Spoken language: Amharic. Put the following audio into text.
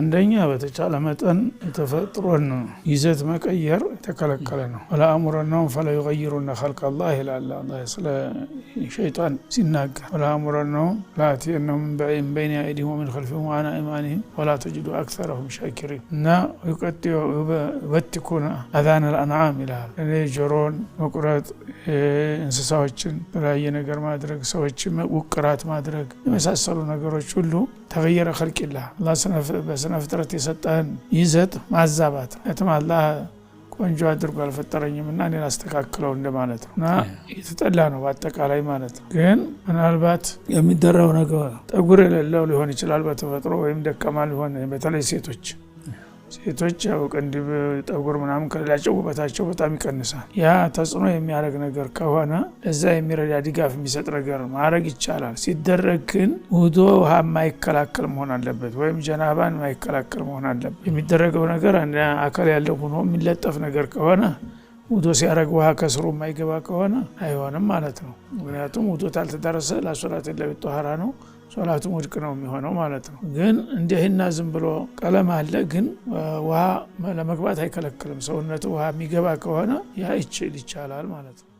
عندنيا بتشعل متن تفطرن يزت ما كير تكلك لنا ولا أمر النوم فلا يغيرن خلق الله إلا الله الله يسلا شيطان سناك ولا أمر النوم لا تأنهم من بعين بين أيديهم ومن خلفهم وعن إيمانهم ولا تجد أكثرهم شاكرين نا يقتي وبتكون أذان الأنعام إلى اللي جرون مقرات إنس سوتشن لا ينقر ما درك سوتشن وقرات ما درك مساسلون قروش كله تغير خلق الله الله سنفع بس ለስነ ፍጥረት የሰጠህን ይዘት ማዛባት ነትም አላህ ቆንጆ አድርጎ አልፈጠረኝም እና እኔን አስተካክለው እንደማለት ነው እና የተጠላ ነው በአጠቃላይ ማለት ነው። ግን ምናልባት የሚደራው ነገር ጠጉር የሌለው ሊሆን ይችላል በተፈጥሮ ወይም ደካማ ሊሆን በተለይ ሴቶች ሴቶች ያው ቅንድብ ጠጉር ምናምን ከሌላቸው ውበታቸው በጣም ይቀንሳል። ያ ተጽዕኖ የሚያደርግ ነገር ከሆነ እዛ የሚረዳ ድጋፍ የሚሰጥ ነገር ማድረግ ይቻላል። ሲደረግ ግን ውዶ ውሃ የማይከላከል መሆን አለበት፣ ወይም ጀናባን የማይከላከል መሆን አለበት። የሚደረገው ነገር አካል ያለው ሆኖ የሚለጠፍ ነገር ከሆነ ውቶ ሲያደርግ ውሃ ከስሩ የማይገባ ከሆነ አይሆንም ማለት ነው። ምክንያቱም ውቶ ታልተደረሰ ላሶላት ለቤት ጠኋራ ነው፣ ሶላቱ ውድቅ ነው የሚሆነው ማለት ነው። ግን እንዲህና ዝም ብሎ ቀለም አለ፣ ግን ውሃ ለመግባት አይከለክልም። ሰውነቱ ውሃ የሚገባ ከሆነ ያ ይችል ይቻላል ማለት ነው።